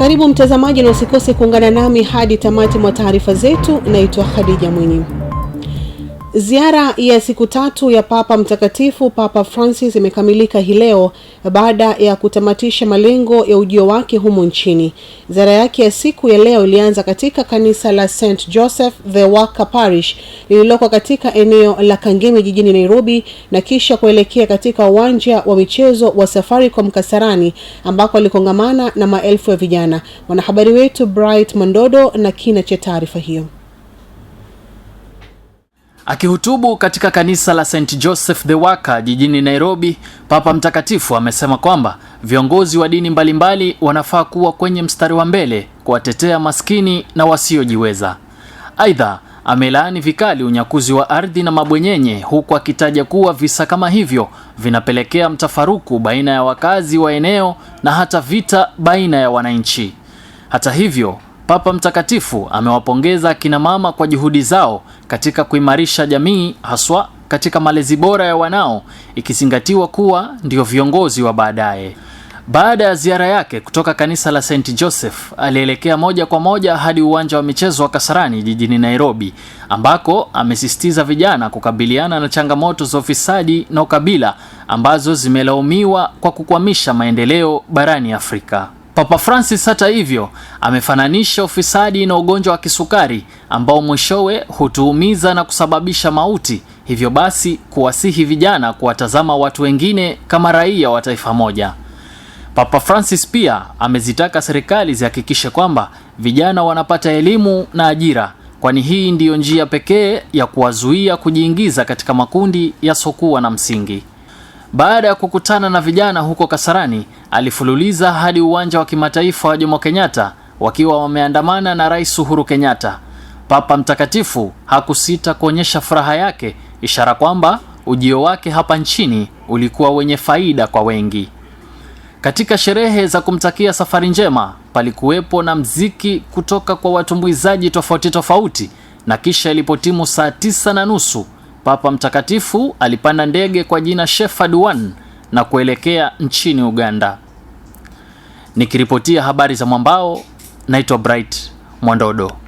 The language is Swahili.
Karibu mtazamaji, na usikose kuungana nami hadi tamati mwa taarifa zetu. Naitwa Khadija Mwinyi. Ziara ya siku tatu ya Papa Mtakatifu Papa Francis imekamilika hii leo baada ya kutamatisha malengo ya ujio wake humo nchini. Ziara yake ya siku ya leo ilianza katika kanisa la St Joseph the Worker Parish lililoko katika eneo la Kangemi jijini Nairobi na kisha kuelekea katika uwanja wa michezo wa Safaricom Kasarani ambako alikongamana na maelfu ya vijana. Mwanahabari wetu Bright Mandodo na kina cha taarifa hiyo. Akihutubu katika kanisa la St Joseph the Worker jijini Nairobi, Papa Mtakatifu amesema kwamba viongozi wa dini mbalimbali wanafaa kuwa kwenye mstari wa mbele kuwatetea maskini na wasiojiweza. Aidha, amelaani vikali unyakuzi wa ardhi na mabwenyenye, huku akitaja kuwa visa kama hivyo vinapelekea mtafaruku baina ya wakazi wa eneo na hata vita baina ya wananchi. Hata hivyo Papa Mtakatifu amewapongeza kina mama kwa juhudi zao katika kuimarisha jamii haswa katika malezi bora ya wanao ikizingatiwa kuwa ndio viongozi wa baadaye. Baada ya ziara yake kutoka kanisa la St Joseph, alielekea moja kwa moja hadi uwanja wa michezo wa Kasarani jijini Nairobi, ambako amesisitiza vijana kukabiliana na changamoto za ufisadi na ukabila ambazo zimelaumiwa kwa kukwamisha maendeleo barani Afrika. Papa Francis hata hivyo amefananisha ufisadi na ugonjwa wa kisukari ambao mwishowe hutuumiza na kusababisha mauti, hivyo basi kuwasihi vijana kuwatazama watu wengine kama raia wa taifa moja. Papa Francis pia amezitaka serikali zihakikishe kwamba vijana wanapata elimu na ajira, kwani hii ndiyo njia pekee ya kuwazuia kujiingiza katika makundi sokua na msingi. Baada ya kukutana na vijana huko Kasarani, alifululiza hadi uwanja wa kimataifa wa Jomo Kenyatta wakiwa wameandamana na Rais Uhuru Kenyatta. Papa Mtakatifu hakusita kuonyesha furaha yake, ishara kwamba ujio wake hapa nchini ulikuwa wenye faida kwa wengi. Katika sherehe za kumtakia safari njema, palikuwepo na mziki kutoka kwa watumbuizaji tofauti tofauti, na kisha ilipotimu saa tisa na nusu Papa Mtakatifu alipanda ndege kwa jina Shepherd One na kuelekea nchini Uganda. Nikiripotia habari za mwambao, naitwa Bright Mwandodo.